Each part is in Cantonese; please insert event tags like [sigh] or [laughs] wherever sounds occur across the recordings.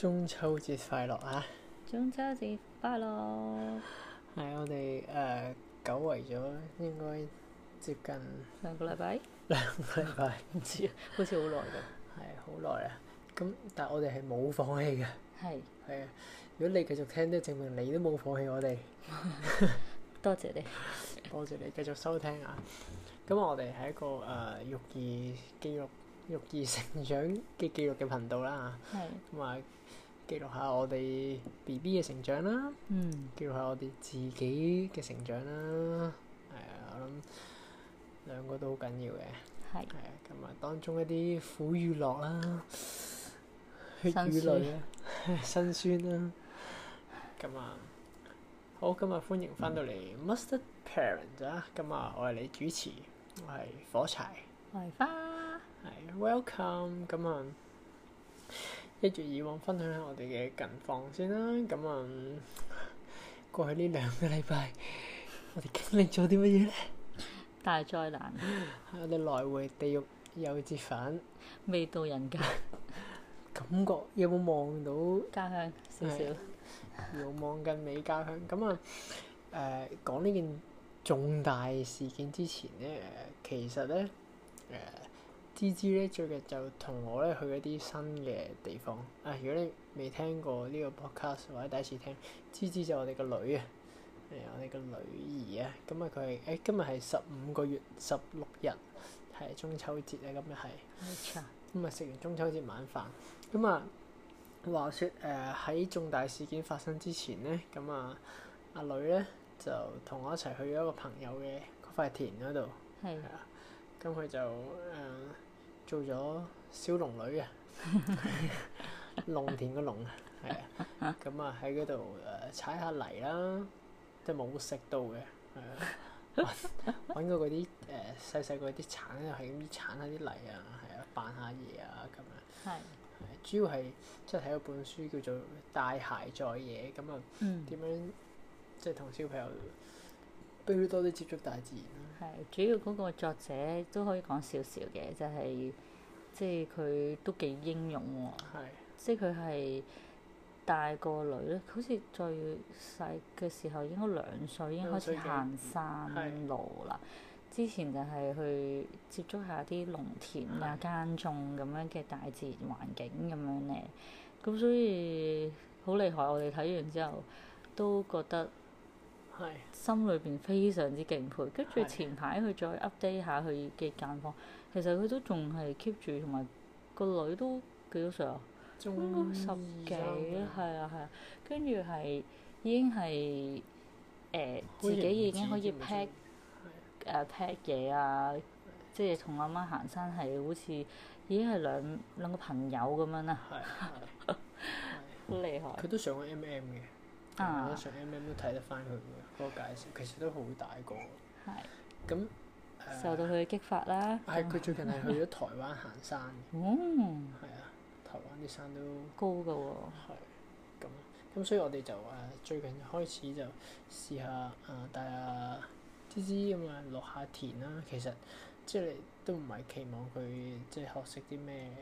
中秋節快樂啊！中秋節快樂！係我哋誒久違咗，應該接近兩個禮拜。兩個禮拜唔知啊，好似好耐咁。係好耐啊！咁但係我哋係冇放棄嘅。係。係。如果你繼續聽，都證明你都冇放棄我哋。多謝你，多謝你繼續收聽啊！咁我哋係一個誒育兒紀錄。育兒成長嘅記錄嘅頻道啦，咁啊記錄下我哋 B B 嘅成長啦，記錄下我哋自己嘅成長啦。係啊，我諗兩個都好緊要嘅。係。係啊，咁啊，當中一啲苦與樂啦，血與淚啦，辛酸啦。咁啊，好，咁啊，歡迎翻到嚟《Must Parents》啊！咁啊，我係你主持，我係火柴，我係葵花。Welcome 咁啊！一住、嗯、以往分享下我哋嘅近況先啦。咁、嗯、啊，過去呢兩個禮拜，我哋經歷咗啲乜嘢咧？大災難， [laughs] 我哋來回地獄又折返，未到人間， [laughs] 感覺有冇望到家鄉少少？ [laughs] 嗯、望近美家鄉咁啊！誒、嗯呃，講呢件重大事件之前咧、呃，其實咧，誒、呃。芝芝咧，最近就同我咧去一啲新嘅地方。啊，如果你未聽過呢個 podcast 或者第一次聽，芝芝就我哋個女啊，係、嗯、我哋個女兒啊。咁、嗯、啊，佢係誒今日係十五個月十六日，係、嗯、中秋節啊。今日係，冇錯。咁啊，食完中秋節晚飯，咁、嗯、啊、嗯，話說誒喺重大事件發生之前咧，咁、嗯嗯、啊，阿女咧就同我一齊去咗一個朋友嘅嗰塊田嗰度，係啊嗎，咁佢就誒。嗯嗯嗯嗯嗯做咗小農女啊， [laughs] 農田嘅農啊，係啊，咁啊喺嗰度誒踩下泥啦，即係冇食到嘅，係啊，揾過嗰啲誒細細嗰啲鏟又係咁啲鏟下啲泥啊，係啊，扮下嘢啊咁啊，係，是的 主要係即係睇咗本書叫做「帶鞋在野」。咁啊點樣、嗯、即係同小朋友俾佢多啲接觸大自然，啊。係，主要嗰個作者都可以講少少嘢，就係、是、即係佢都幾英勇喎、哦。的即係佢係大個女咧，好似最細嘅時候應該兩歲已經開始行山路啦。的之前就係去接觸下啲農田呀、耕種咁樣嘅大自然環境咁樣咧。咁所以好厲害，我哋睇完之後都覺得，心裏邊非常之敬佩，跟住前排佢再 update 下佢嘅間房。其實佢都仲係 keep 住，同埋個女都幾多歲啊？應該十幾，係啊係啊，跟住係已經係誒、呃、自己已經可以 pack 誒 pack 嘢啊，啊即係同阿媽行山係好似已經係兩兩個朋友咁樣啦、啊。係係好厲害！佢、 [laughs] MM MM、都上咗 M M 嘅，我上 M M 都睇得翻佢個介紹其實都好大個，係咁是、呃、受到佢嘅激發啦。係佢最近係去咗台灣行山，係啊， [laughs] 台灣啲山都高㗎喎、哦。咁咁，所以我哋就話最近開始就試下誒帶阿芝芝咁啊，落下，下田啦。其實即係你都唔係期望佢即係學識啲咩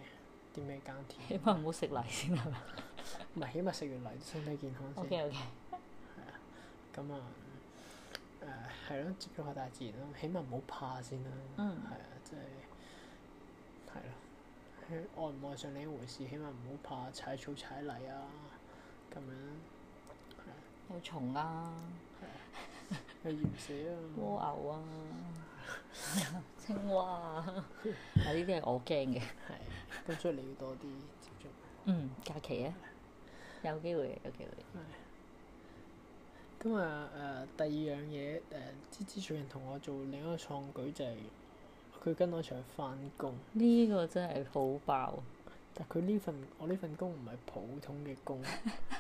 啲咩耕田起， [laughs] [laughs] 起碼唔好食泥先係嘛？唔係，起碼食完泥身體健康先。O K O K，係啊，咁啊。誒係咯，接觸下大自然咯，起碼唔好怕先啦，係啊、嗯，即係係咯，愛唔愛上另一回事，起碼唔好怕踩草踩泥啊，咁樣係、嗯、啊，嗯、有蟲啊，係啊，有鹽水啊，蝸牛啊，青蛙 [laughs] [laughs] 啊，呢啲係我驚嘅、嗯，係咁所以你要多啲接觸。嗯，假期啊，對有，機有，機有機會，有機會。咁啊，誒第二樣嘢，誒，芝芝最近同我做另一個創舉，就是，就係佢跟我一去翻工。呢個真係好爆！但佢呢份我呢份工唔係普通嘅工，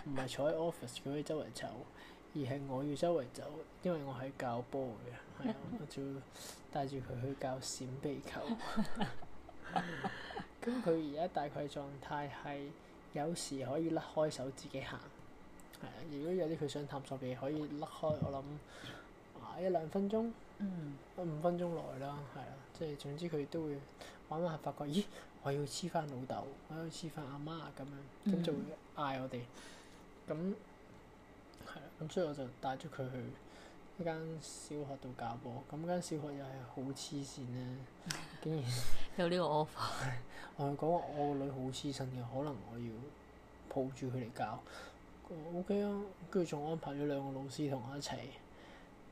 唔係 [laughs] 坐喺 office，佢可以周圍走，而係我要周圍走，因為我係教波嘅，係啊， [laughs] 我就帶住佢去教閃避球。咁佢而家大概狀態係有時可以甩開手自己行。係啊，如果有啲佢想探索嘅嘢，可以甩開我諗，啊一兩分鐘，啊、嗯、五分鐘內啦，係啊，即係總之佢都會揾揾下，我媽媽發覺，咦，我要黐翻老豆，我要黐翻阿媽咁樣，咁就、嗯、會嗌我哋，咁，係啦，咁所以我就帶咗佢去一間小學度教課，咁間小學又係好黐線咧，竟然有呢個惡法、嗯，我講話我個女好黐身嘅，可能我要抱住佢嚟教。嗯、o、okay、K 啊，跟住仲安排咗兩個老師同我一齊，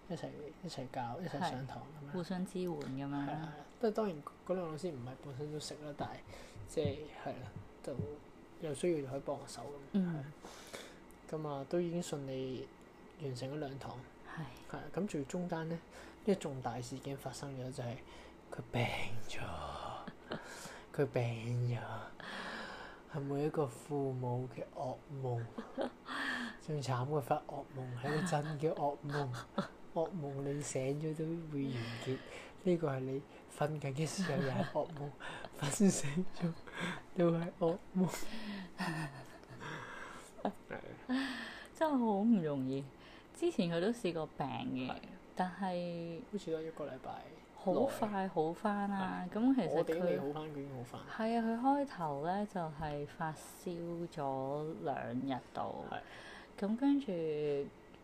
一齊一齊教，一齊上堂咁是樣。互相支援咁樣。係啦，都係當然嗰兩個老師唔係本身都識啦，但係即係係啦，就有需要就可以幫我手咁。嗯。咁、嗯、啊、嗯嗯嗯嗯，都已經順利完成咗兩堂。係的。係咁仲中間咧，一重大事件發生咗，就係、是、佢病咗，佢病咗。 [laughs] 每一個父母嘅噩夢，最慘嘅發噩夢係個真嘅噩夢，噩夢， [laughs] 噩夢你醒咗都會完結。呢個係你瞓緊嘅時候又係噩夢，瞓醒咗又係噩夢。 [laughs] 嗯、 [laughs] 真係好唔容易。之前佢都試過病嘅，的但係是好似都一個禮拜。好快好翻啦。咁其實佢係啊，佢開頭咧就係發燒咗兩日度，咁跟住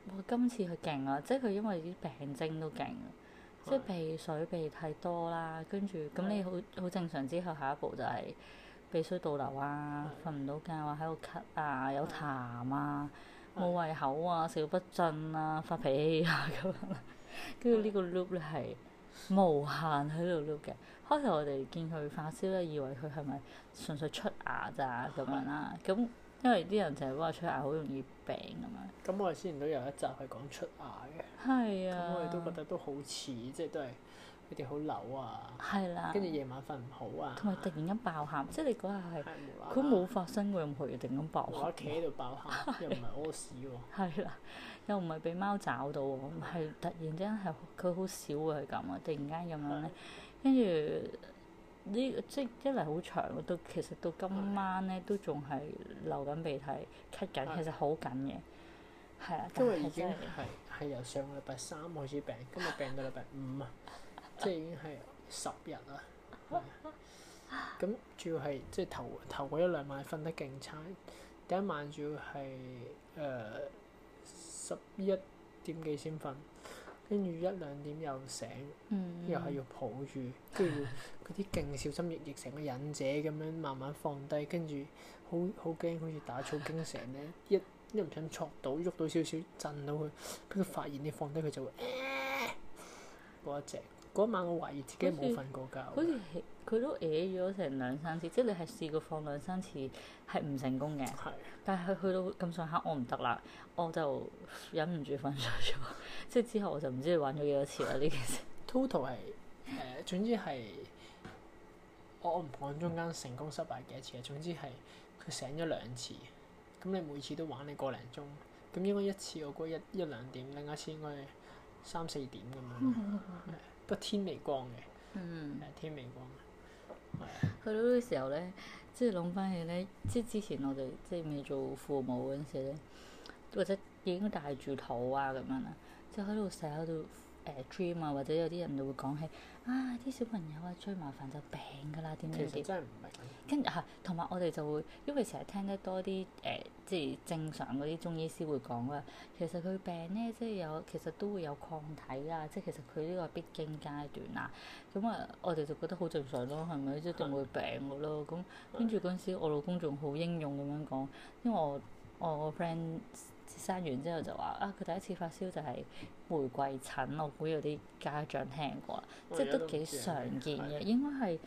我今次佢勁啊，即係佢因為啲病徵都勁，即係鼻水鼻涕多啦。跟住咁你好好正常之後，下一步就係鼻水倒流啊，瞓唔到覺啊，喺度咳啊，有痰啊，冇胃口啊，食不進啊，發脾氣啊咁樣。跟住呢個 loop 咧係～無限喺度碌嘅，開頭我哋見佢發燒咧，以為佢係咪純粹出牙咋咁 [noise] 樣啦？咁因為啲人就係話出牙好容易病咁、嗯嗯、樣。咁我哋先前都有一集係講出牙嘅。係啊。咁我哋都覺得都好似，即係都係佢哋好扭啊。係啦。跟住夜晚瞓唔好啊。同埋突然間爆喊，即係你嗰日係佢冇發生過，唔係突然間爆喊。我企喺度爆喊，又唔係屙屎喎。係啦、啊。又唔係俾貓抓到喎，係突然之間係佢好少嘅係咁啊！突然間咁樣咧，跟住呢即係一嚟好長，到其實到今晚咧的都仲係流緊鼻涕，咳緊，其實好緊嘅。係啊的，今日已經係係由上個禮拜三開始病，今日病到禮拜五啊， [laughs] 即係已經係十日啦。係啊，咁主要係即係頭頭嗰一兩晚瞓得勁差，第一晚主要係誒。呃十一點幾先瞓，跟住一兩點又醒，嗯、又係要抱住，跟住嗰啲勁小心翼翼，成個忍者咁樣慢慢放低，跟住好好驚，好似打草驚蛇咧，一一唔想錯到喐到少少震到佢，俾佢發現你放低佢就會嗰、嗯、一隻，嗰晚我懷疑自己冇瞓過覺。佢都嘔咗成兩三次，即係你係試過放兩三次係唔成功嘅。係，是的 但係去去到咁上下，我唔得啦，我就忍唔住瞓咗咗。即係之後我就唔知你玩咗幾多次啦。呢件事 total 係誒、呃，總之係我唔講中間成功失敗幾多次嘅。總之係佢醒咗兩次。咁你每次都玩你個零鐘咁，應該一次我估一一兩點，另一次應該係三四點咁樣，不 [laughs] 天未光嘅，誒，天未光。去 [music] 到嗰時候咧，即係諗翻起咧，即係之前我哋即係未做父母嗰陣時咧，或者已經大住肚啊咁樣啦，即係喺度寫喺度。誒、呃、dream 啊，或者有啲人就會講起，啊啲小朋友啊最麻煩就病㗎啦，點點，其實真係唔明。跟住吓，同埋我哋就會，因為成日聽得多啲誒、呃，即係正，正常嗰啲中醫師會講啊，其實佢病咧，即係有，其實都會有抗體啊，即係其實佢呢個必經階段啊。咁、嗯、啊，我哋就覺得好正常、啊、咯，係咪？一定仲會病㗎咯。咁跟住嗰陣時，我老公仲好英勇咁樣講，因為我我個 friend。生完之後就話啊，佢第一次發燒就係玫瑰疹，我估有啲家長聽過啦，即係都幾常見嘅、啊，應該係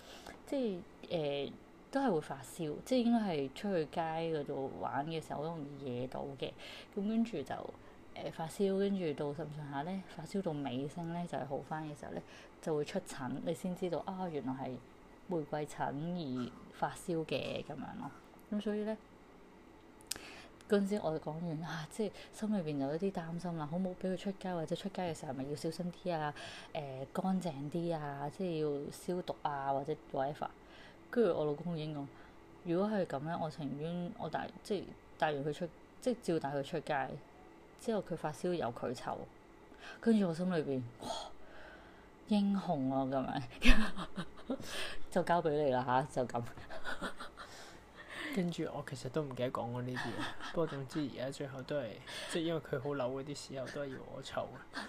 即係誒、呃、都係會發燒，即係應該係出去街嗰度玩嘅時候好容易惹到嘅，咁跟住就誒、呃、發燒，跟住到咁上下咧發燒到尾聲咧就係好返嘅時候咧就會出疹，你先知道啊原來係玫瑰疹而發燒嘅咁樣咯，咁所以咧。嗰陣時我哋講完啊，即係心裏邊有一啲擔心啦，好冇俾佢出街或者出街嘅時候咪要小心啲啊，誒、呃、乾淨啲啊，即係要消毒啊或者 whatever。跟住我老公已經講，如果係咁樣，我情願我帶即係帶完佢出，即係照帶佢出街，之後佢發燒由佢湊，跟住我心裏邊哇，英雄啊咁樣， [laughs] 就交俾你啦嚇、啊，就咁。 [laughs] 跟住我其實都唔記得講過呢啲啊，不過總之而家最後都係，即係因為佢好扭嗰啲時候都係要我湊啊，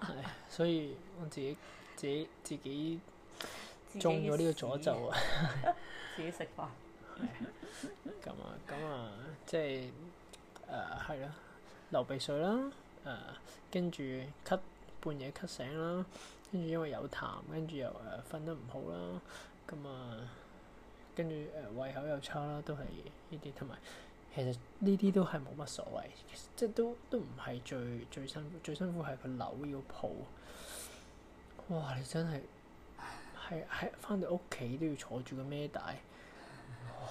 係， [laughs] 所以我自己自己自己中咗呢個詛咒啊，自己食飯，咁啊咁啊，即係誒係啦，流鼻水啦，誒跟住咳，半夜咳醒啦，跟住因為有痰，跟住又誒瞓、呃、得唔好啦，咁、嗯、啊。嗯。跟住誒、呃、胃口又差啦，都係呢啲，同埋其實呢啲都係冇乜所謂，其實即係都都唔係最最辛苦，最辛苦係個扭要抱。哇！你真係係係返到屋企都要坐住個孭帶，哇！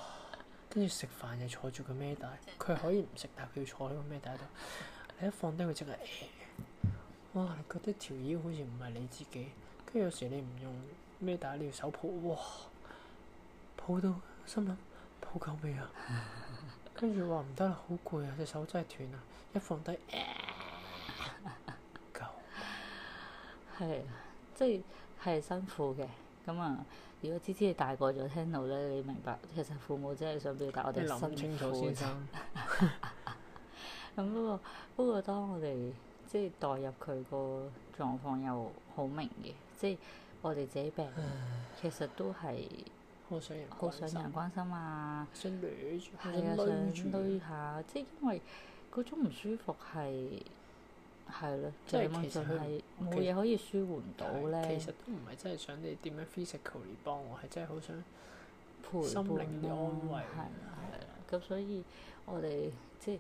跟住食飯又坐住個孭帶，佢可以唔食，但佢要坐喺個孭帶度。你一放低佢即刻誒，哇！你覺得條腰好似唔係你自己。跟住有時你唔用孭帶，你要手抱，哇！抱到心諗抱夠未啊？跟住話唔得啦，好攰啊！隻手真係斷啊！一放低、啊、夠係了即係辛苦嘅咁啊。如果芝芝你大個咗聽到咧，你明白其實父母真係想俾你想， [laughs] [laughs] 但係我哋辛苦。咁不過不過，不過當我哋即係代入佢個狀況，又好明嘅，即係我哋自己病，嗯、其實都係。好想人好想人關心啊！想攣住，係啊，想攣下，即係因為嗰種唔舒服係係咯，啊、即係其實係冇嘢可以舒緩到咧。其實都唔係真係想你點樣 physically 幫我，係真係好想心靈陪伴、安慰。係係啊，咁、啊啊啊、所以我哋即係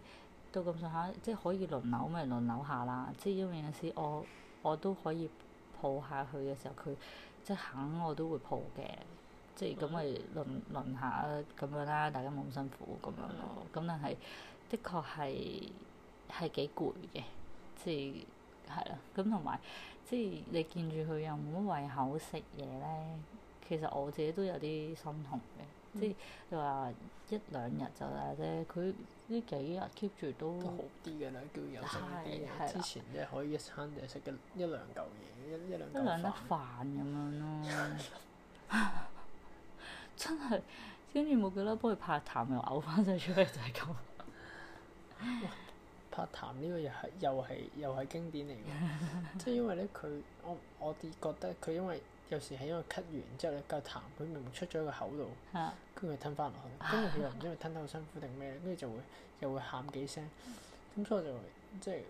到咁上下，即係可以輪流咪輪流下啦。即係因為有陣時我我都可以抱下佢嘅時候，佢即係肯我都會抱嘅。即係咁咪輪輪下咁樣啦，大家冇咁辛苦咁樣咯。咁但係的確係係幾攰嘅，即係係啦。咁同埋即係你見住佢又冇乜胃口食嘢咧，其實我自己都有啲心痛嘅。即係你話一兩日就得啫，佢呢幾日 keep 住都好啲嘅啦，叫有食之前即係可以一餐就食嘅一兩嚿嘢，一一兩嚿飯咁樣咯。 [laughs] 真係，跟住冇幾多幫佢拍痰，又嘔翻曬出嚟，就係咁。拍痰呢個又係又係又係經典嚟嘅， [laughs] 即係因為咧佢，我我哋覺得佢因為有時係因為咳完之後咧，嚿痰佢明明出咗個口度，跟住 [laughs] 吞翻落去，跟住佢又唔知佢吞得好辛苦定咩，跟住就會又會喊幾聲，咁所以我就即係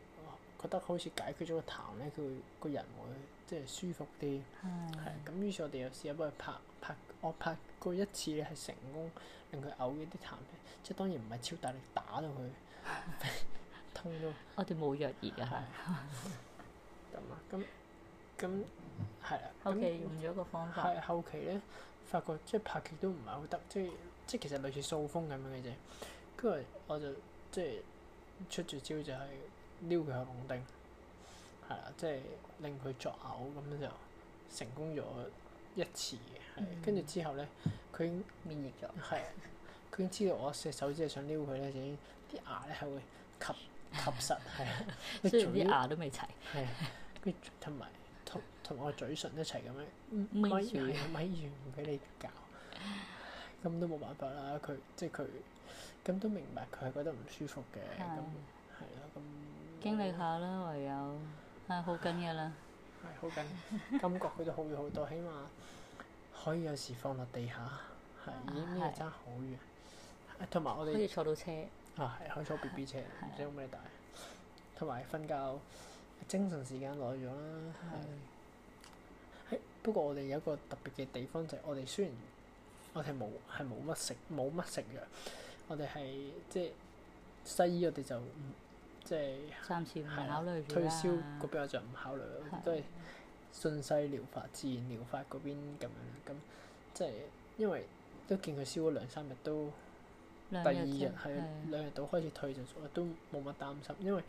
覺得好似解決咗個痰咧，佢個人會。即係舒服啲，係咁。於是我又，我哋有試過幫佢拍拍，我拍過一次咧係成功令佢嘔嗰啲痰，即係當然唔係超大力打到佢，痛到 [laughs] 都。 [laughs] 我哋冇藥兒㗎。係。咁啊，咁咁係啊。嗯嗯 [laughs] 嗯、後期用咗個方法。係後期咧，發覺即係拍極都唔係好得，即係即係其實類似掃風咁樣嘅啫。跟住我就即係出住招就係撩佢喉嚨定。係啊，即係令佢作嘔咁樣就成功咗一次嘅。係，跟住之後咧，佢免疫咗，係佢已經知道我隻手指係想撩佢咧，就已經啲牙咧係會吸吸實，係雖然啲牙都未齊，係跟住同埋同同我嘴唇一齊咁樣，咪完咪完唔俾你搞，咁都冇辦法啦。佢即係佢咁都明白佢係覺得唔舒服嘅，咁係咯，咁經歷下啦，唯有。係、 [music] 啊、好緊嘅啦，係好緊，感覺佢都好咗好多，起碼可以有時放落地下，係咦呢個差好遠，同、啊、埋 [music] 我哋、 [music] 啊、可以坐到車， [music] 啊係可以坐 B B 車，唔 [music] 知有咩大，同埋瞓覺，精神時間耐咗啦。係，不過我哋有一個特別嘅地方就係我哋雖然我哋冇係冇乜食冇乜食藥，我哋係即係西醫我哋就即係係考慮嘅啦的。退燒嗰邊我就唔考慮咯，的都係順勢療法、自然療法嗰邊咁樣咁。即係因為都見佢燒咗兩三日都第二日係兩日到的開始退就咗，都冇乜擔心。因為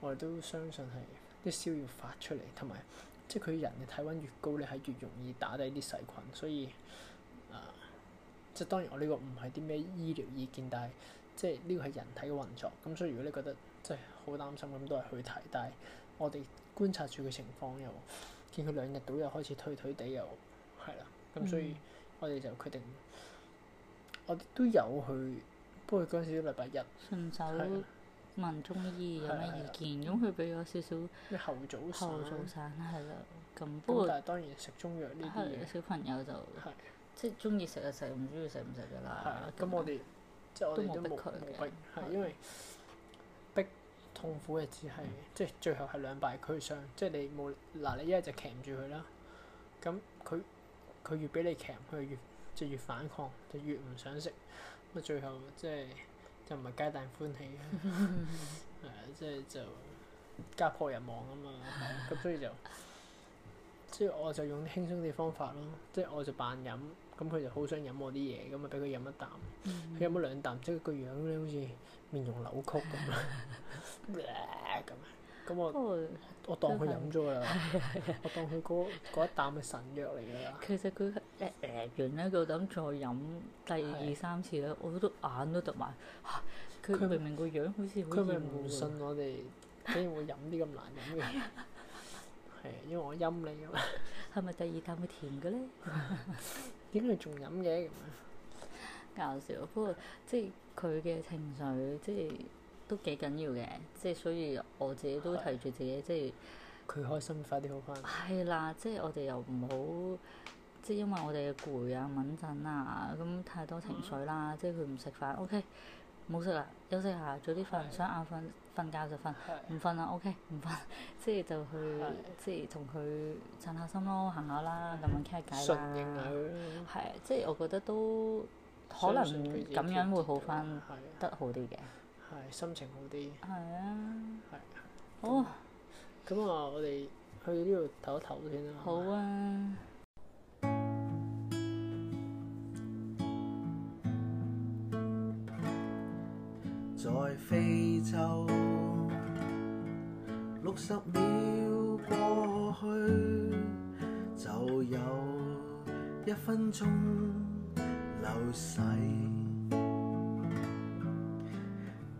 我哋都相信係啲燒要發出嚟，同埋即係佢人嘅體溫越高你係越容易打低啲細菌。所以啊、呃，即係當然我呢個唔係啲咩醫療意見，但係即係呢個係人體嘅運作。咁所以如果你覺得，即係好擔心咁，都係去睇。但係我哋觀察住嘅情況又見佢兩日到又開始退退地，又係啦。咁所以我哋就決定，我哋都有去。不過嗰陣時禮拜日，順手問中醫有咩意見，咁佢俾咗少少猴棗散，猴棗散係啦。咁不過當然食中藥呢啲小朋友就即係中意食就食，唔中意食唔食噶啦。咁我哋即係我哋都冇強迫。係因為。痛苦嘅只係，即係最後係兩敗俱傷，即係你冇嗱，你一係就騎唔住佢啦，咁佢佢越俾你騎，佢越即係越反抗，就越唔想食，咁最後即係就唔係皆大歡喜，係 [laughs] 啊，即係就家破人亡啊嘛，咁、 [laughs] 啊、所以就即係我就用輕鬆啲方法咯，嗯、即係我就扮飲。咁佢就好想飲我啲嘢，咁啊俾佢飲一啖，佢飲咗兩啖，即係個樣咧，好似面容扭曲咁樣，咁啊，我當佢飲咗啦，我當佢嗰一啖係神藥嚟㗎啦。其實佢誒誒完咧，佢諗再飲第二三次咧，我覺得眼都凸埋。佢明明個樣好似好厭惡。佢咪唔信我哋竟然會飲啲咁難飲嘅？係因為我陰你㗎。係咪第二啖會甜嘅咧？點解你仲飲嘅咁啊？ [laughs] 搞笑，不過即係佢嘅情緒，即係都幾緊要嘅，即係所以我自己都提住自己，的即係佢開心即快啲好快。係啦，即係我哋又唔好，即係因為我哋攰啊、穩陣啊，咁太多情緒啦，嗯、即係佢唔食飯。O K，冇食啦，休息下，早啲瞓，的想眼瞓。瞓覺就瞓，唔瞓啊 OK，唔瞓，即係就去即係同佢散下心咯，行下啦，咁樣傾下偈啦，係即係我覺得都可能咁樣會好翻，得好啲嘅，係心情好啲，係啊，係好啊，咁啊，我哋去呢度唞一唞先啦，好啊。在非洲，六十秒過去，就有一分鐘流逝。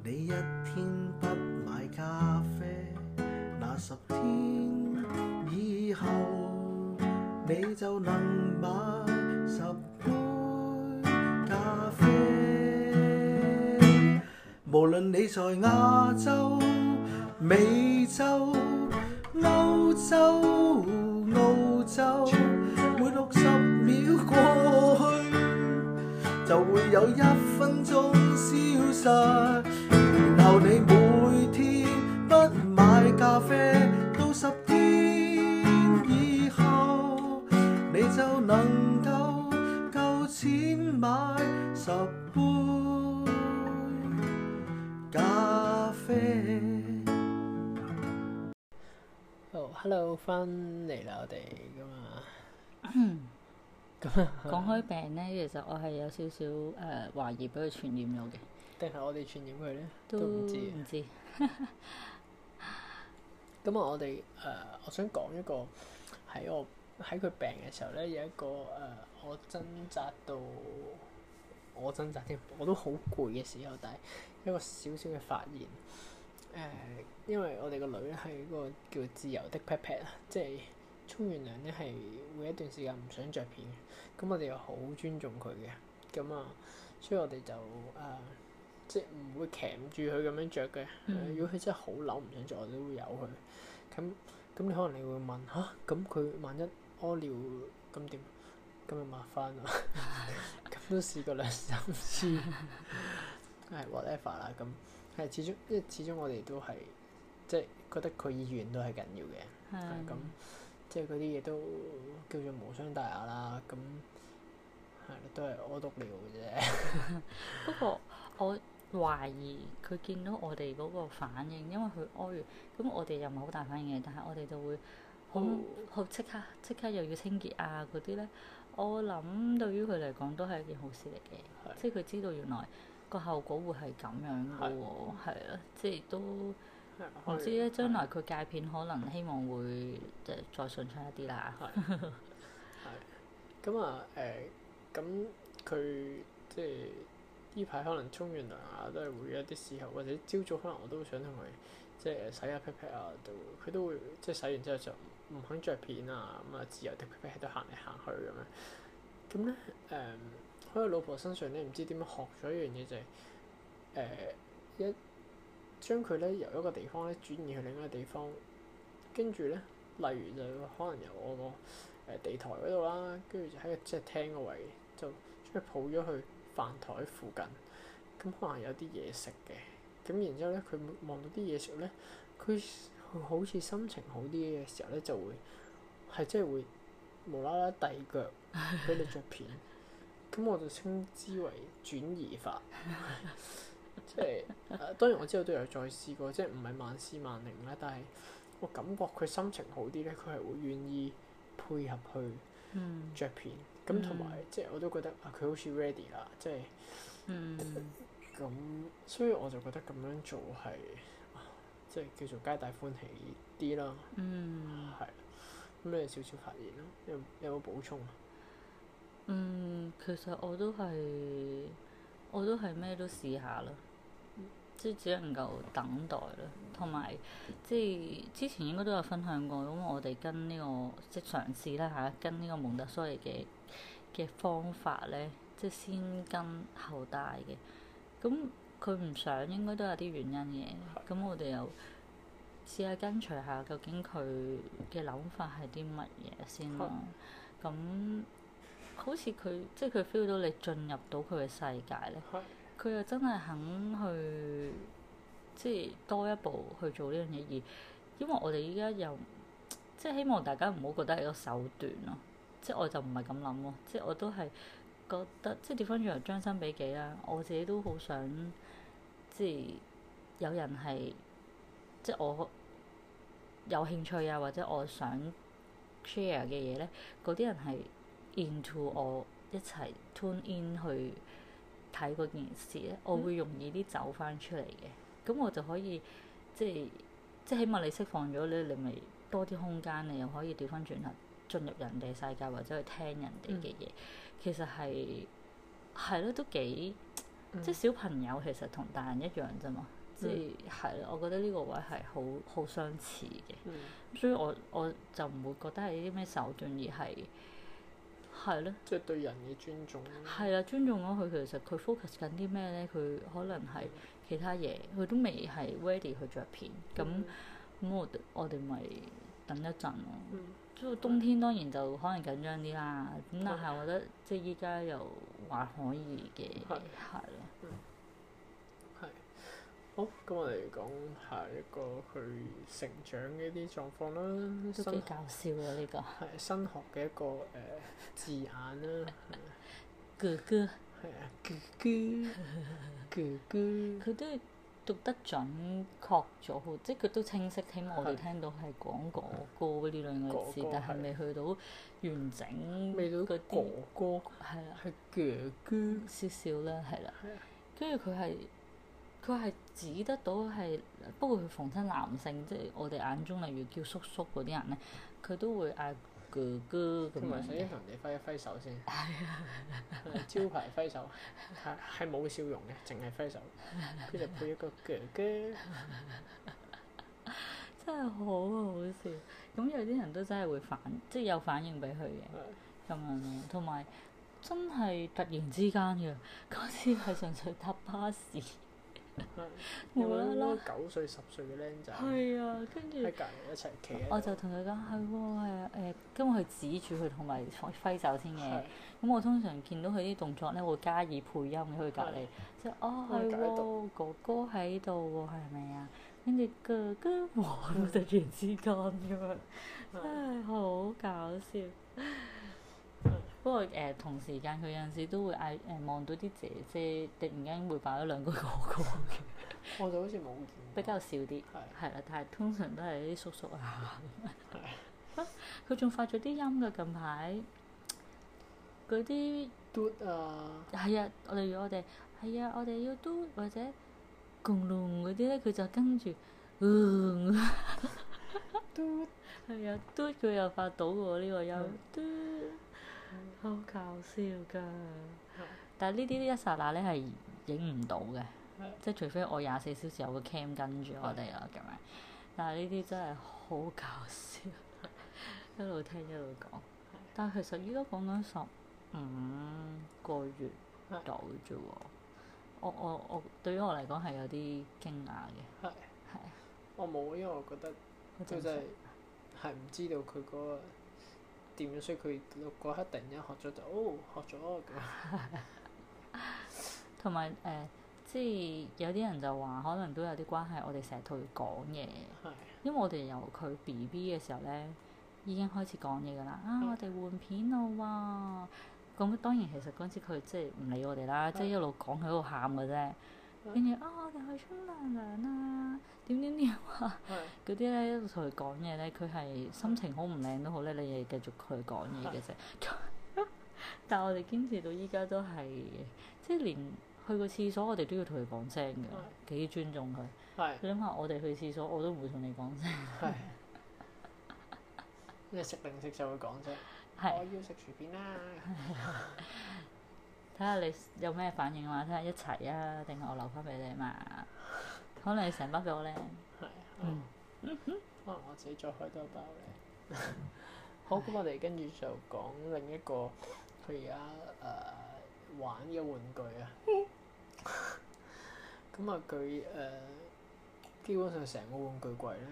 你一天不買咖啡，那十天以後，你就能。無論你在亞洲、美洲、歐洲、澳洲，每六十秒過去，就會有一分鐘消失。返嚟啦，我哋噶嘛、嗯。 [laughs] 咁啊，講開病咧，其實我係有少少誒懷疑，俾佢傳染咗嘅，定係我哋傳染佢咧？都唔知，不知。 [laughs] 唔知。咁啊，我哋誒，我想講一個喺我喺佢病嘅時候咧，有一個誒、呃，我掙扎到我掙扎，添。我都好攰嘅時候，但係一個小小嘅發現。誒、呃，因為我哋個女咧係嗰個叫自由的 pat pat 啦，即係沖完涼咧係會一段時間唔想着片，咁我哋又好尊重佢嘅，咁啊，所以我哋就誒、呃，即係唔會鉗住佢咁樣着嘅、呃。如果佢真係好扭唔想着，我哋都會由佢。咁咁你可能你會問吓，咁、啊、佢萬一屙尿咁點？咁就抹返啦。咁 [laughs] [laughs] 都試過兩三次，係、 [laughs] [laughs] 哎、whatever 啦咁。係，始終，因為始終我哋都係，即係覺得佢意願都係緊要嘅，咁是的、嗯、即係嗰啲嘢都叫做無傷大雅啦。咁、嗯、係、嗯、都係屙督尿嘅啫。不過我懷疑佢見到我哋嗰個反應，因為佢屙完，咁我哋又唔係好大反應嘅，但係我哋就會好好即刻即刻又要清潔啊嗰啲咧，我諗對於佢嚟講都係一件好事嚟嘅，是的 即係佢知道原來，個效果會係咁樣嘅喎、哦，係啊的，即係都唔知咧，的將來佢戒片可能希望會的即係再順暢一啲啦。係的，咁啊， [laughs] 誒，咁佢即係呢排可能沖完涼啊，都係會一啲時候，或者朝早可能我都想同佢即係洗下 pat pat 啊，都佢都會即係洗完之後就唔肯着片啊，咁啊自由地 pat pat 喺度行嚟行去咁樣。咁、嗯、咧，誒、嗯。喺個老婆身上咧，唔知點樣學咗一樣嘢，就係誒一將佢咧由一個地方咧轉移去另一個地方，跟住咧，例如就可能由我個誒地台嗰度啦，跟住就喺個即係廳嗰位，就將佢抱咗去飯台附近。咁可能有啲嘢食嘅，咁然之後咧，佢望到啲嘢食咧，佢好似心情好啲嘅時候咧，就會係即係會無啦啦遞腳俾你着片。咁我就稱之為轉移法， [laughs] [laughs] 即、呃、係當然我之後都有再試過，即係唔係萬試萬靈啦，但係我感覺佢心情好啲咧，佢係會願意配合去著片。咁同埋即係我都覺得啊，佢好似 ready 啦，即係咁、嗯嗯。所以我就覺得咁樣做係、啊、即係叫做皆大歡喜啲啦。係咁、嗯，你有少少發現啦？有有冇補充？嗯，其實我都係，我都係咩都試下啦，即係只能夠等待啦。同埋即係之前應該都有分享過，咁我哋跟呢個即係嘗試啦嚇，跟呢個蒙特梭利嘅嘅方法咧，即係先跟後帶嘅。咁佢唔想應該都有啲原因嘅，咁我哋又試下跟隨下，究竟佢嘅諗法係啲乜嘢先咯？咁好。好似佢，即係佢 feel 到你進入到佢嘅世界咧，佢又真係肯去，即係多一步去做呢樣嘢。而因為我哋依家又，即係希望大家唔好覺得係一個手段咯。即係我就唔係咁諗咯。即係我都係覺得，即係調翻轉嚟，將心比己啦。我自己都好想，即係有人係，即係我有興趣啊，或者我想 share 嘅嘢咧，嗰啲人係。into 我一齊 tune in 去睇嗰件事咧，嗯、我會容易啲走翻出嚟嘅。咁我就可以即係即係，起碼你釋放咗你，你咪多啲空間，你又可以調翻轉頭進入人哋世界，或者去聽人哋嘅嘢。嗯、其實係係咯，都幾即係小朋友其實同大人一樣啫嘛。即係係咯，我覺得呢個位係好好相似嘅。嗯、所以我我就唔會覺得係啲咩手段，而係。係咯，即係對，對人嘅尊重。係啦，尊重咗佢，其實佢 focus 緊啲咩咧？佢可能係其他嘢，佢都未係 ready 去着片。咁咁、嗯、我我哋咪等一陣咯。即係、嗯、冬天當然就可能緊張啲啦，咁但係我覺得、嗯、即係依家又還可以嘅，係咯、嗯。好，咁我嚟講下一個去成長嘅一啲狀況啦。都幾搞笑嘅。呢個係新學嘅一個誒字眼啦。哥哥係啊，哥哥，哥哥。佢都係讀得準確咗，即係佢都清晰，起碼我哋聽到係講哥哥呢兩個字，但係未去到完整未到。係啊，係哥哥。少少啦，係啦，跟住佢係。佢係指得到係，不過佢逢親男性，即係我哋眼中例如叫叔叔嗰啲人咧，佢都會嗌哥哥咁，同埋首先同你哋揮一揮手先， [laughs] 招牌揮手係冇、啊、笑容嘅，淨係揮手，佢就配一個哥哥， [laughs] 真係好好笑。咁有啲人都真係會反，即係有反應俾佢嘅咁樣，同埋真係突然之間嘅嗰次係純粹搭巴士。 [laughs] 我有啲九歲、十歲嘅僆仔，係啊，跟住喺隔離一齊企。我就同佢講係喎，係啊，誒、啊呃，因為佢指住佢同埋揮手先嘅。咁、啊、我通常見到佢啲動作咧，我會加以配音喺佢隔離，即係、啊、哦，係喎、啊啊，哥哥喺度喎，係咪啊？跟住哥哥我，突然之間咁樣，真係好搞笑。不過，誒、同時間佢有陣時都會嗌誒、呃、望到啲姐姐突然間會發咗兩句哥哥嘅，我就好似冇比較少啲，係啦的，但係通常都係啲叔叔啊佢仲 [laughs] 的、啊、發咗啲音嘅。近排，嗰啲嘟啊，係啊、哎，例如我哋係啊，我哋要嘟或者共隆嗰啲咧，佢、呃、就跟住、呃、嘟，係啊嘟、 [laughs] 哎，嘟佢又發到喎呢、呢個音嘟。嘟好搞笑噶！嗯、但係呢啲一剎那咧係影唔到嘅，是即係除非我廿四小時有個 cam 跟住我哋啦，咁樣。是但係呢啲真係好搞笑， [laughs] 一路聽一路講。是但係其實依家講緊十五個月到啫喎，我我我對於我嚟講係有啲驚訝嘅。係是。係是。我冇，因為我覺得、就係，真係係唔知道佢嗰、嗰個點咗，所以佢六刻突然間學咗就哦，學咗咁。同埋誒，即係有啲人就話，可能都有啲關係。我哋成日同佢講嘢， [music] 因為我哋由佢 B B 嘅時候咧，已經開始講嘢噶啦。啊， [music] 我哋換片啦喎，啊！咁當然其實嗰陣時佢即係唔理我哋啦，即係一路講喺度喊嘅啫。跟住、哎、啊，我哋去沖涼涼啊，點點點啊，嗰啲咧一路同佢講嘢咧，佢係心情好唔靚都好咧，你哋繼續同佢講嘢嘅啫。但係我哋堅持到依家都係，即係連去個廁所我哋都要同佢講聲嘅，幾尊重佢。係的。你諗下，我哋去廁所我都唔會同你講聲。係。你係食零食就會講聲。係。我要食薯片啦。睇下你有咩反應話，睇下一齊啊，定係我留翻俾你嘛？可能你成包俾我咧。係。嗯。可能我自己再開多包咧。好，咁我哋跟住就講另一個佢而家誒玩嘅玩具啊。咁 [laughs] 啊、嗯，佢 [noise] 誒、嗯、基本上成個玩具櫃咧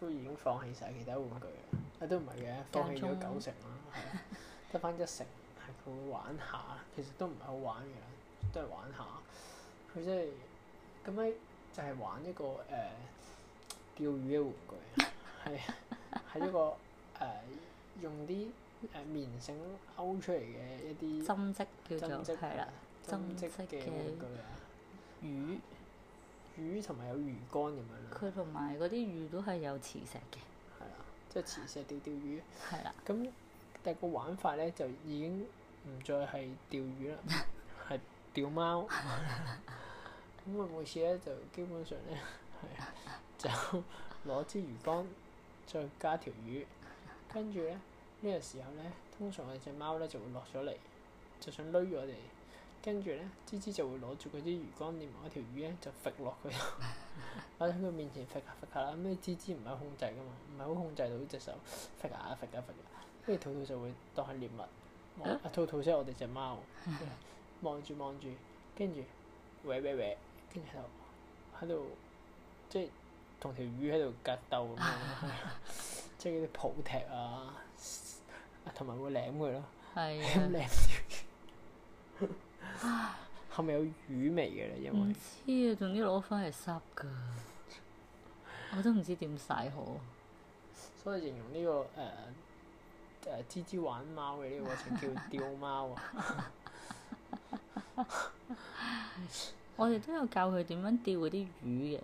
都已經放棄晒其他玩具。啊，都唔係嘅，間中 放棄咗九成啦，係啊， [laughs] 得翻一成。 [noise] 會玩下，其實都唔係好玩嘅，都係玩下。佢即係咁咧，就係玩一個誒、呃、釣魚嘅玩具，係啊， [laughs] 係一個誒、呃、用啲誒、呃、綿繩勾出嚟嘅一啲針織，叫做係啦，針織嘅了玩具啊魚魚，同埋有魚竿咁樣咯。佢同埋嗰啲魚都係有磁石嘅，係啊，即係磁石釣釣魚，係啦 [laughs] 了。咁第係個玩法咧就已經。唔再係釣魚啦，係釣貓。咁啊，每次咧就基本上咧係就攞支魚竿，再加條魚。跟住咧，呢個時候咧，通常啊隻貓咧就會落咗嚟，就想攣我哋。跟住咧，芝芝就會攞住嗰啲魚竿，連埋嗰條魚咧就揈落佢度，擺喺佢面前揈下揈下啦。咁你芝芝唔係控制噶嘛，唔係好控制到呢隻手揈下揈下揈下，跟住兔兔就會當係獵物。阿兔兔即係我哋隻貓，望住望住，跟住喂喂喂，跟住喺度喺度，即係同條魚喺度格鬥咁樣，即係啲抱踢啊，同、啊、埋會舐佢咯，舐舐、啊。係咪、嗯、 [laughs] [laughs] 有魚味嘅咧？因為唔知啊，仲要攞翻嚟濕噶， [laughs] 我都唔知點洗好。所以形容呢、這個誒。呃誒，蜘蛛玩貓嘅呢個過程叫釣貓啊！ [laughs] [laughs] 我哋都有教佢點樣釣嗰啲魚嘅，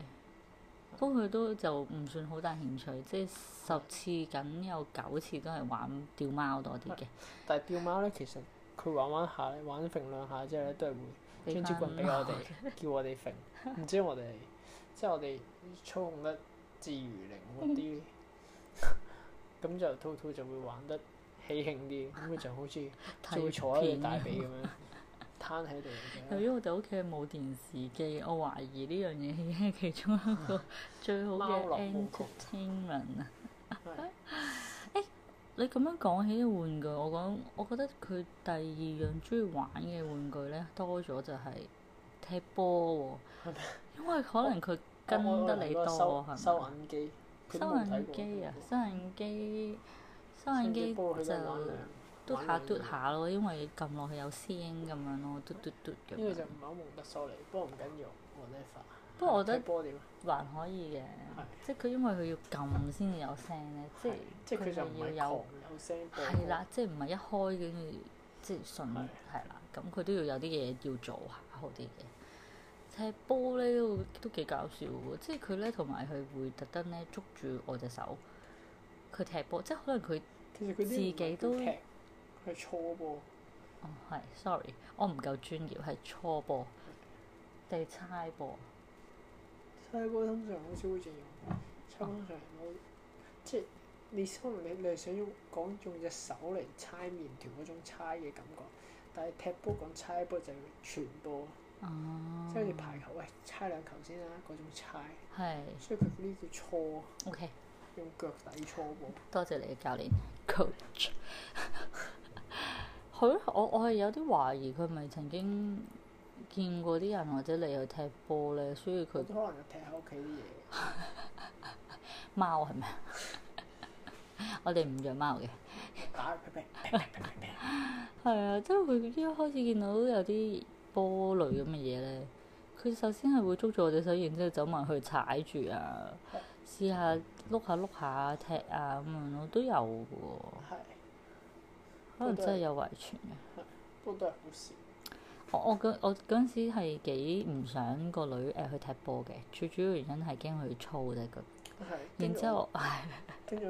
不過佢都就唔算好大興趣，即係十次梗有九次都係玩釣貓多啲嘅。但係釣貓咧，其實佢玩玩下咧，玩揈兩下之後咧，都係會將支棍俾我哋， [laughs] 叫我哋揈。唔知我哋即係我哋操控得自如靈活啲。 [laughs] 咁就兔兔就會玩得喜慶啲，咁佢就好似做坐喺度大髀咁樣攤喺度。由於我哋屋企冇電視機，我懷疑呢樣嘢係其中一個最好嘅 entertainment 啊！哎，你咁樣講起玩具，我講我覺得佢第二樣中意玩嘅玩具咧多咗就係踢波喎，哦， [laughs] 因為可能佢跟得你多係咪、 [laughs] 啊？收銀機。收音機啊，收音機，收音機就嘟下嘟下咯，因為撳落去有聲咁樣咯，嘟嘟嘟咁樣。呢個就唔係歐蒙德收，不過唔緊要，不過我覺得還可以嘅，即係佢因為佢要撳先至有聲咧，即係佢就要有，係啦，即係唔係一開跟住即係順，係啦，咁佢都要有啲嘢要做下好啲嘅。踢波咧都都幾搞笑喎！即係佢咧同埋佢會特登咧捉住我隻手，佢踢波，即係可能佢自己都踢。係初波。哦，係，sorry，我唔夠專業，係初波，定係猜波。猜波通常好少會正用，啊、通常我、哦、即係你可能你你係想用講用隻手嚟猜麵條嗰種猜嘅感覺，但係踢波講猜波就係傳波。哦，即係、嗯、排球，喂、哎，猜兩球先啦，嗰種猜。係是。所以佢呢啲叫搓。O Okay K。用腳底搓波。多謝你嘅教練 Coach。係 [laughs] [laughs] [laughs] [laughs] [laughs] 我我係有啲懷疑佢咪曾經見過啲人 [laughs] 或者你去踢波咧，所以佢。可能踢下屋企啲嘢。貓係咪啊？我哋唔養貓嘅。係啊，即係佢一開始見到有啲。波類咁嘅嘢咧，佢首先係會捉住我隻手，然之後走埋去踩住啊，試下碌下碌下踢啊咁樣，我都有嘅喎。係，可能真係有遺傳嘅。都都係好事。我我嗰我嗰陣時係幾唔想個女誒、呃、去踢波嘅，最主要原因係驚佢粗啫。係。 [noise] 然之後，跟住，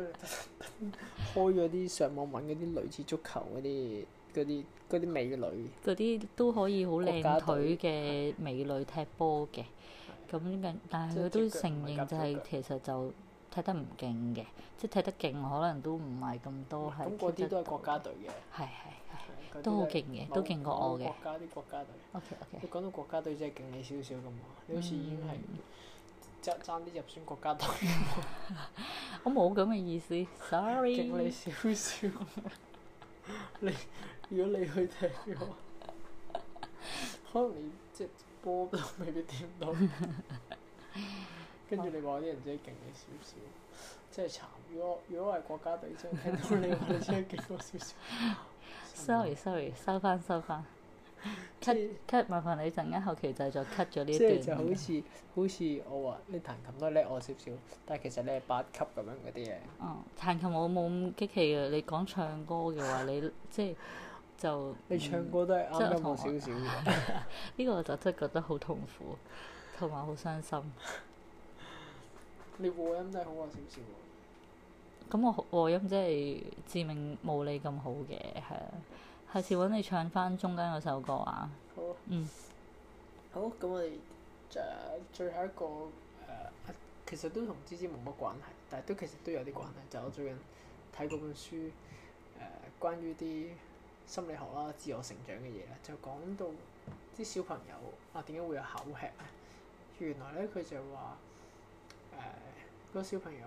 開咗啲上網揾嗰啲類似足球嗰啲。嗰啲啲美女，嗰啲都可以好靚腿嘅美女踢波嘅，咁嘅，但係佢都承認就係其實就踢得唔勁嘅，即係踢得勁可能都唔係咁多係。嗰啲都係國家隊嘅。係係係，都好勁嘅，都勁過我嘅。國家啲國家隊。OK OK。你講到國家隊真係勁你少少咁啊！你好似已經係爭爭啲入選國家隊。我冇咁嘅意思，sorry。勁你少少。 [laughs] 你如果你去踢嘅話，可能你即隻波都未必踢唔到。跟住 [laughs] 你話啲人真係勁啲少少，即係慘。如果如果係國家隊，真係聽到你話 [laughs] 你真係勁多少少。 [laughs] 是是 sorry sorry，收翻收翻。咳，咳，麻煩你陣間後期製作 cut 咗呢一段。就，就好似、嗯、好似我話你彈琴都叻我少少，但係其實你係八級咁樣嗰啲嘢。嗯、哦，彈琴我冇咁激氣嘅。你講唱歌嘅話你，你 [laughs] 即係就你唱歌都係啱啱好少少。呢我 [laughs] [laughs] 個我就真係覺得好痛苦，同埋好傷心。你和音真係好啊少少、啊。咁我和音即係致命冇你咁好嘅，係啊。下次揾你唱翻中間嗰首歌啊！好，嗯，好，咁我哋就最後一個誒、呃，其實都同芝芝冇乜關係，但係都其實都有啲關係。就我最近睇嗰本書誒、呃，關於啲心理學啦、自我成長嘅嘢咧，就講到啲小朋友啊，點解會有口吃啊？原來咧，佢就話誒，呃嗰個小朋友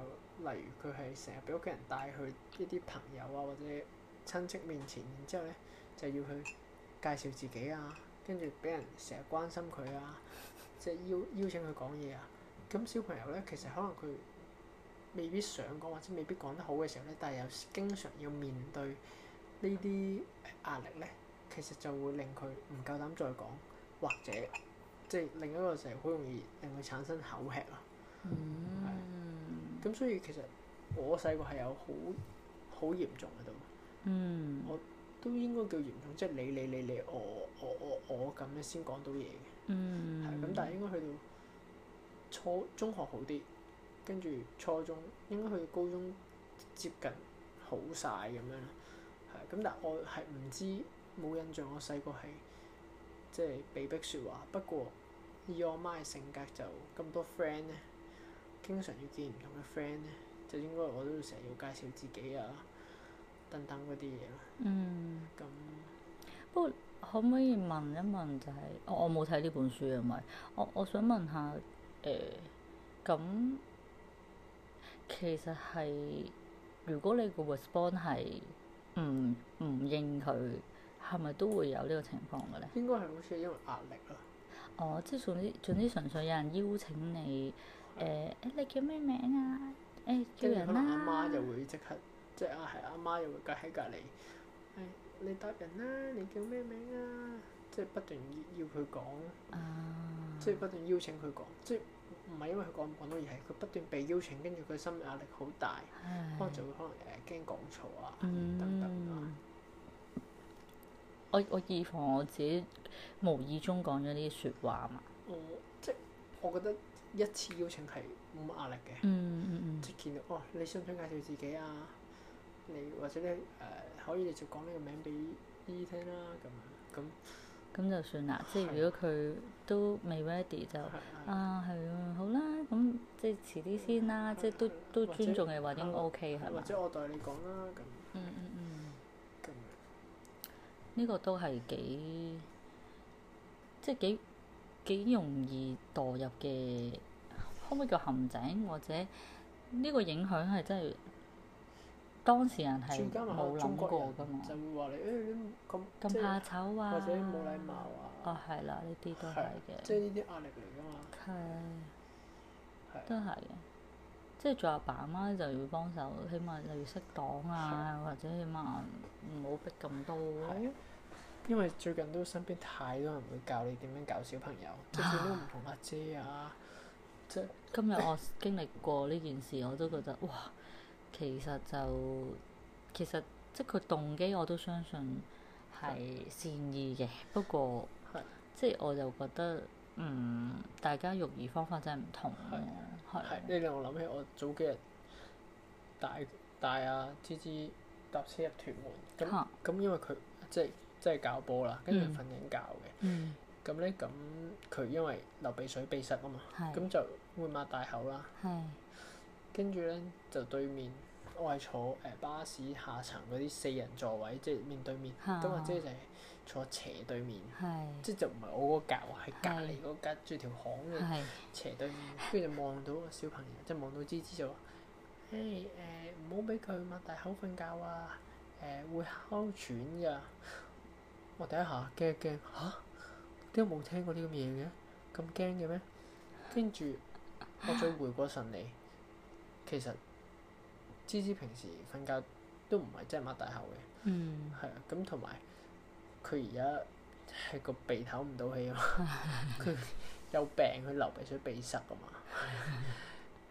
例如佢係成日俾屋企人帶去一啲朋友啊，或者～親戚面前，然之後咧就要去介紹自己啊，跟住俾人成日關心佢啊，即係邀邀請佢講嘢啊。咁小朋友咧，其實可能佢未必想講或者未必講得好嘅時候咧，但係又經常要面對壓呢啲壓力咧，其實就會令佢唔夠膽再講，或者即係、就是、另一個時候好容易令佢產生口吃啊。咁、嗯、所以其實我細個係有好好嚴重嘅嗯，我都應該叫嚴重，即係你你你你，我我我我咁樣先講到嘢嘅。嗯。係咁，但係應該去到初中學好啲，跟住初中應該去到高中接近好晒咁樣。係咁，但係我係唔知冇印象我，我細個係即係被逼説話。不過，以我媽嘅性格就咁多 friend 咧，經常要見唔同嘅 friend 咧，就應該我都成日要介紹自己啊。等等嗰啲嘢啦。嗯，咁那不過可唔可以問一問、就係？就、哦、係我我冇睇呢本書啊，咪我我想問下誒，咁、呃、其實係如果你個 response 係唔唔應佢，係、嗯、咪都會有呢個情況嘅咧？應該係好似因為壓力啦。哦，即係總之總之純粹有人邀請你誒，誒、呃的哎、你叫咩名啊？誒、哎、叫人啦、啊。即係可能阿媽就會即刻。即係阿、啊、媽，媽又會隔喺隔離，哎、你答人啦、啊，你叫咩名啊？即係不斷要要佢講，嗯、即係不斷邀請佢講，即係唔係因為佢講唔講到，而係佢不斷被邀請，跟住佢心理壓力好大，是可能就會可能誒驚講錯啊、嗯、等等啦、啊。我我以防我自己無意中講咗啲説話嘛。我、嗯、即係我覺得一次邀請係冇乜壓力嘅。嗯嗯、即係見到哦，你想唔想介紹自己啊？你或者咧誒、呃，可以直接講呢個名俾姨姨聽啦。咁咁咁就算啦。的即係如果佢都未 ready 就係啊，係啊啊。係啊，好啦，咁即係遲啲先啦。的即係都都尊重嘅話，的應該 O K 係嘛？或者我代你講啦。咁嗯嗯嗯咁呢個都係幾即係幾幾容易墮入嘅，可唔可以叫陷阱？或者呢個影響係真係？當事人係冇諗過㗎嘛，就會話你誒、欸、你咁咁怕醜啊，或者冇禮貌啊，啊係啦，呢啲都係嘅，即係呢啲壓力嚟㗎嘛，係，都係嘅，即係做阿爸阿媽就要幫手，起碼你要識擋啊，的或者起碼唔好逼咁多、啊、因為最近都身邊太多人會教你點樣教小朋友，啊、即係見唔同阿姐啊，啊即今日我經歷過呢件事，我都覺得哇！嘩其實就其實即係佢動機，我都相信係善意嘅。是不過是即係我就覺得，嗯，大家育兒方法真係唔同嘅。係呢，令我諗起我早幾日帶帶阿芝芝搭車入屯門咁咁，啊、因為佢即係即係教波啦，跟住瞓緊覺嘅咁咧。咁佢、嗯嗯、因為流鼻水鼻塞啊嘛，咁是就會擘大口啦。跟住咧就對面。我係坐誒、呃、巴士下層嗰啲四人座位，即係面對面，咁啊，即係坐斜對面，是即係就唔係我嗰格，係隔離嗰格，隔住條巷嘅斜對面，跟住是就望到個小朋友，即係望到芝芝就話：誒誒，唔好俾佢擘大口瞓覺啊！誒、呃、會哮喘㗎。我第一下驚一驚，嚇、啊，點解冇聽過呢咁嘢嘅？咁驚嘅咩？跟住我再回過神嚟，其實。思思平時瞓覺都唔係真係擘大口嘅，嗯，係啊，咁同埋佢而家係個鼻唞唔到氣啊，佢有病，佢流鼻水、鼻塞啊嘛，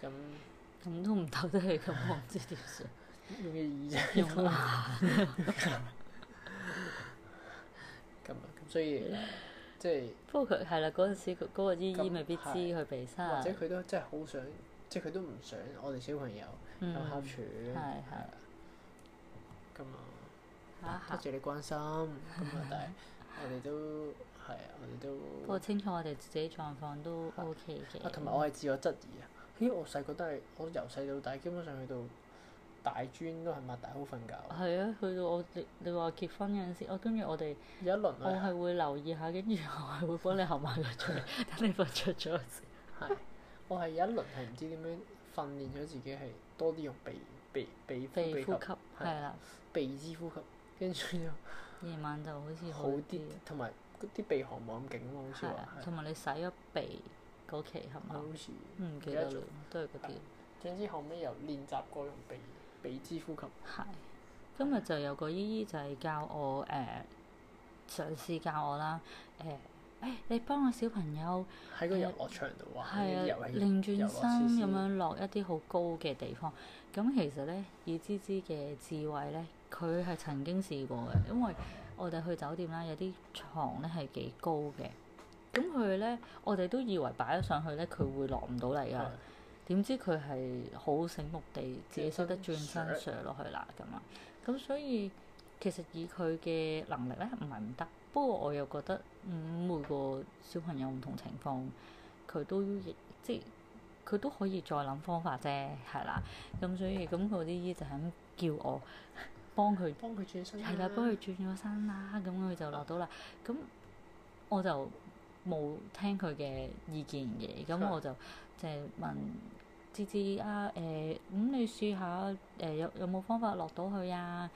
咁咁都唔唞得氣咁，我唔知點算用嘅耳仔用啊，咁啊，咁所以即係不過佢係啦，嗰陣時嗰個啲醫未必知佢鼻塞，或者佢都真係好想。即係佢都唔想我哋小朋友有哮喘，係啊，咁啊，多謝你關心。咁啊，但係我哋都係啊，我哋都。不過清楚我哋自己狀況都 OK 嘅。同埋我係自我質疑啊。因為，我細個都係，我由細到大，基本上去到大專都係擘大口瞓覺。係啊，去到我你你話結婚嗰陣時，我跟住我哋有一輪我係會留意下，跟住我係會幫你合埋個嘴，等你瞓着咗先。係。我係有一輪係唔知點樣訓練咗自己係多啲用鼻鼻鼻呼，鼻呼吸，係啦對，鼻支呼吸，跟住夜晚就好似好啲，同埋啲鼻鼾冇咁勁好似話，同埋你洗咗鼻嗰期係嘛？唔記得咗，都係嗰啲。總之後尾又練習過用鼻鼻支呼吸。係，今日就有個姨姨就係教我誒嘗試教我啦，誒、呃。呃呃誒、哎，你幫個小朋友喺個遊樂場度玩，係、呃、啊，啊啊擰轉身咁、嗯、樣落一啲好高嘅地方。咁、嗯、其實咧，以芝芝嘅智慧咧，佢係曾經試過嘅，因為我哋去酒店啦，有啲床咧係幾高嘅。咁佢咧，我哋都以為擺咗上去咧，佢會落唔到嚟噶。點、嗯、知佢係好醒目地、嗯、自己識得轉身 s S、啊、上落去啦，咁啊。咁所以其實以佢嘅能力咧，唔係唔得。不過我又覺得，嗯，每個小朋友唔同情況，佢都亦即係佢都可以再諗方法啫，係啦。咁所以咁嗰啲醫就係咁叫我幫佢、啊，幫佢轉身、啊，係、嗯、啦，幫佢轉咗身啦。咁佢就落到啦。咁我就冇聽佢嘅意見嘅。咁我就就問芝芝的啊，誒、呃、咁你試下誒、呃、有有冇方法落到去啊？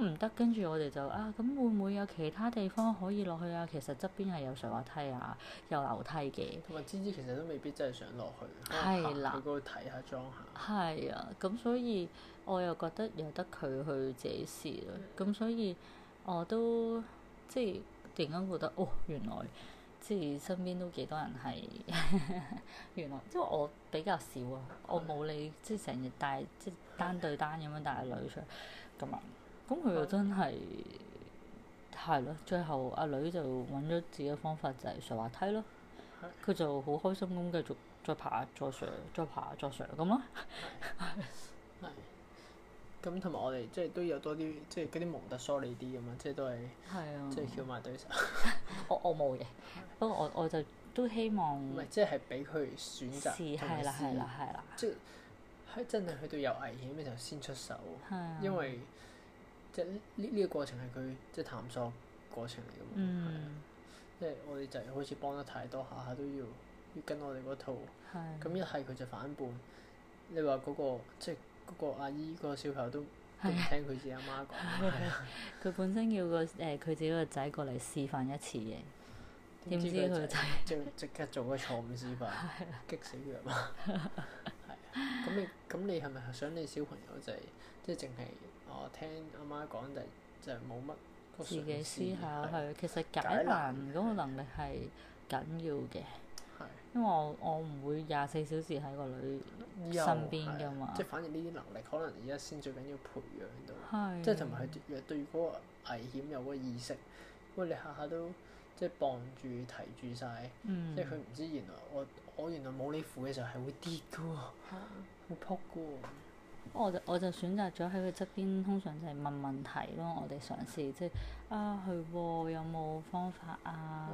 唔得，跟住、嗯、我哋就啊，咁會唔會有其他地方可以落去啊？其實側邊係有上滑梯啊，有樓梯嘅。同埋芝芝其實都未必真係想落去，都係爬去嗰度睇下裝下。係啊，咁所以我又覺得由得佢去自己試咯。咁的所以我都即係突然間覺得哦，原來即係身邊都幾多人係 [laughs] 原來，即係我比較少啊，我冇理的即係成日帶即係單對單咁樣帶女出咁啊。咁佢又真係係咯，最後阿女就揾咗自己嘅方法，就係上滑梯咯。佢就好開心咁繼續再爬，下再上，再爬，下再上咁咯。係。咁同埋我哋即係都有多啲，即係嗰啲蒙特梭利啲咁啊，即係都係，即係撬埋對手。我我冇嘅，不過我我就都希望唔係，即係俾佢選擇係啦，係啦，係啦，即係真係去到有危險嘅時候先出手，因為。即係呢呢呢個過程係佢即係探索過程嚟㗎嘛，係啊、嗯！即係、就是、我哋就係好似幫得太多，下下都要要跟我哋嗰套，咁一係佢就反叛。你話嗰、那個即係嗰個阿姨嗰個小朋友都都唔聽佢自己阿媽講，佢是的 [laughs] 本身要個誒佢、呃、自己個仔過嚟示範一次嘢，點知佢仔即即刻做個錯誤示範，激是的 [laughs] 死佢喇。嘛。啊！ [laughs] 咁你咁你係咪想你小朋友就係即係淨係？我聽阿媽講就就冇乜自己思考下，是其實解難嗰個能力係緊要嘅。係是。因為我我唔會廿四小時喺個女身邊㗎嘛。即係反而呢啲能力可能而家先最緊要培養到，是即係同埋佢若對嗰個危險有嗰個意識，喂，你下下都即係傍住提住晒，即係佢唔知原來我我原來冇你扶嘅時候係會跌嘅喎，會仆嘅喎。我就我就選擇咗喺佢側邊，通常就係問問題咯。我哋嘗試即係、去、啊，佢有冇方法啊？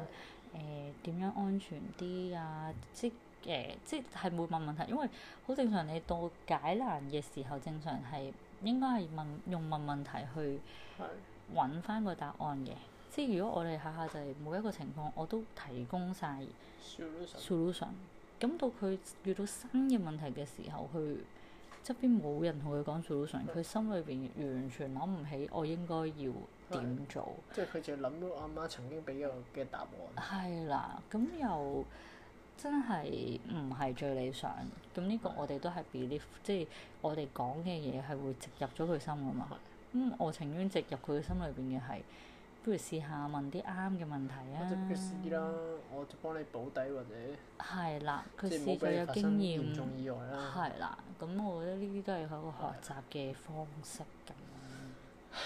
誒、呃、點樣安全啲啊？即係誒、呃，即係係會問問題，因為好正常。你到解難嘅時候，正常係應該係問用問問題去揾翻個答案嘅。的即係如果我哋下下就係每一個情況我都提供晒 solution 咁 olution 到佢遇到新嘅問題嘅時候，去。側邊冇人同佢講 solution，佢、嗯、心裏邊完全諗唔起，我應該要點做？即係佢就諗到阿媽曾經俾我嘅答案。係啦，咁又真係唔係最理想。咁呢個我哋都係 belief，的即係我哋講嘅嘢係會植入咗佢心㗎嘛。咁的、嗯、我情願植入佢嘅心裏邊嘅係。會試下問啲啱嘅問題啊！我就嘅試啦，我就幫你保底或者。係啦，佢試就有經驗。係啦，咁我覺得呢啲都係一個學習嘅方式咁、啊。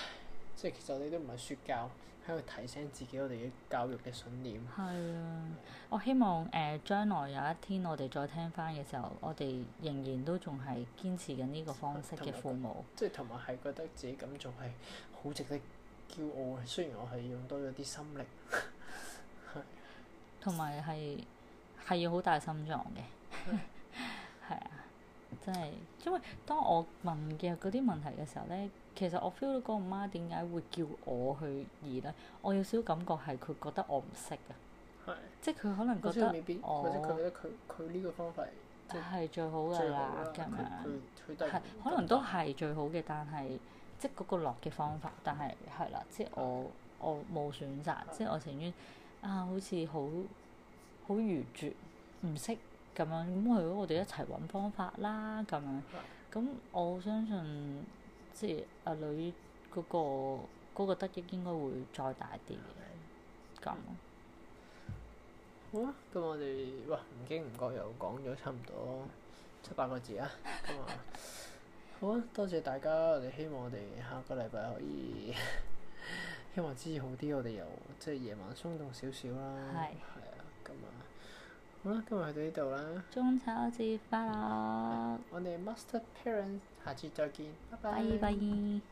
即係其實我哋都唔係説教，喺度提升自己我哋嘅教育嘅信念。係啊的，的我希望誒、呃、將來有一天我哋再聽翻嘅時候，我哋仍然都仲係堅持緊呢個方式嘅父母。即係同埋係覺得自己咁做係好值得。叫傲啊！雖然我係用多咗啲心力，係同埋係係要好大心臟嘅，係啊是的！ [laughs] 真係，因為當我問嘅嗰啲問題嘅時候咧，其實我 feel 到個阿媽點解會叫我去移咧，我有少少感覺係佢覺得我唔識啊，係的即係佢可能覺得我，或者佢覺得佢佢呢個方法就係最好嘅啦，咁樣係可能都係最好嘅，但係。即嗰個落嘅方法，但係係啦，即我、嗯、我冇選擇，嗯、即我情願啊，好似好好愚拙唔識咁樣，咁係咯，我哋一齊揾方法啦咁樣。咁、嗯、我相信即阿女嗰、嗰個嗰個得益應該會再大啲嘅咁。好啦，咁我哋哇，唔經唔覺又講咗差唔多七八個字啊！今日、嗯。嗯 [laughs] 好啊，多謝大家！我哋希望我哋下個禮拜可以， [laughs] 希望支持好啲，我哋又即係夜晚鬆動少少是、啊嗯啊、啦，係啊，咁啊，好啦，今日去到呢度啦，中秋節快樂！我哋 Master Parents 下次再見，拜拜。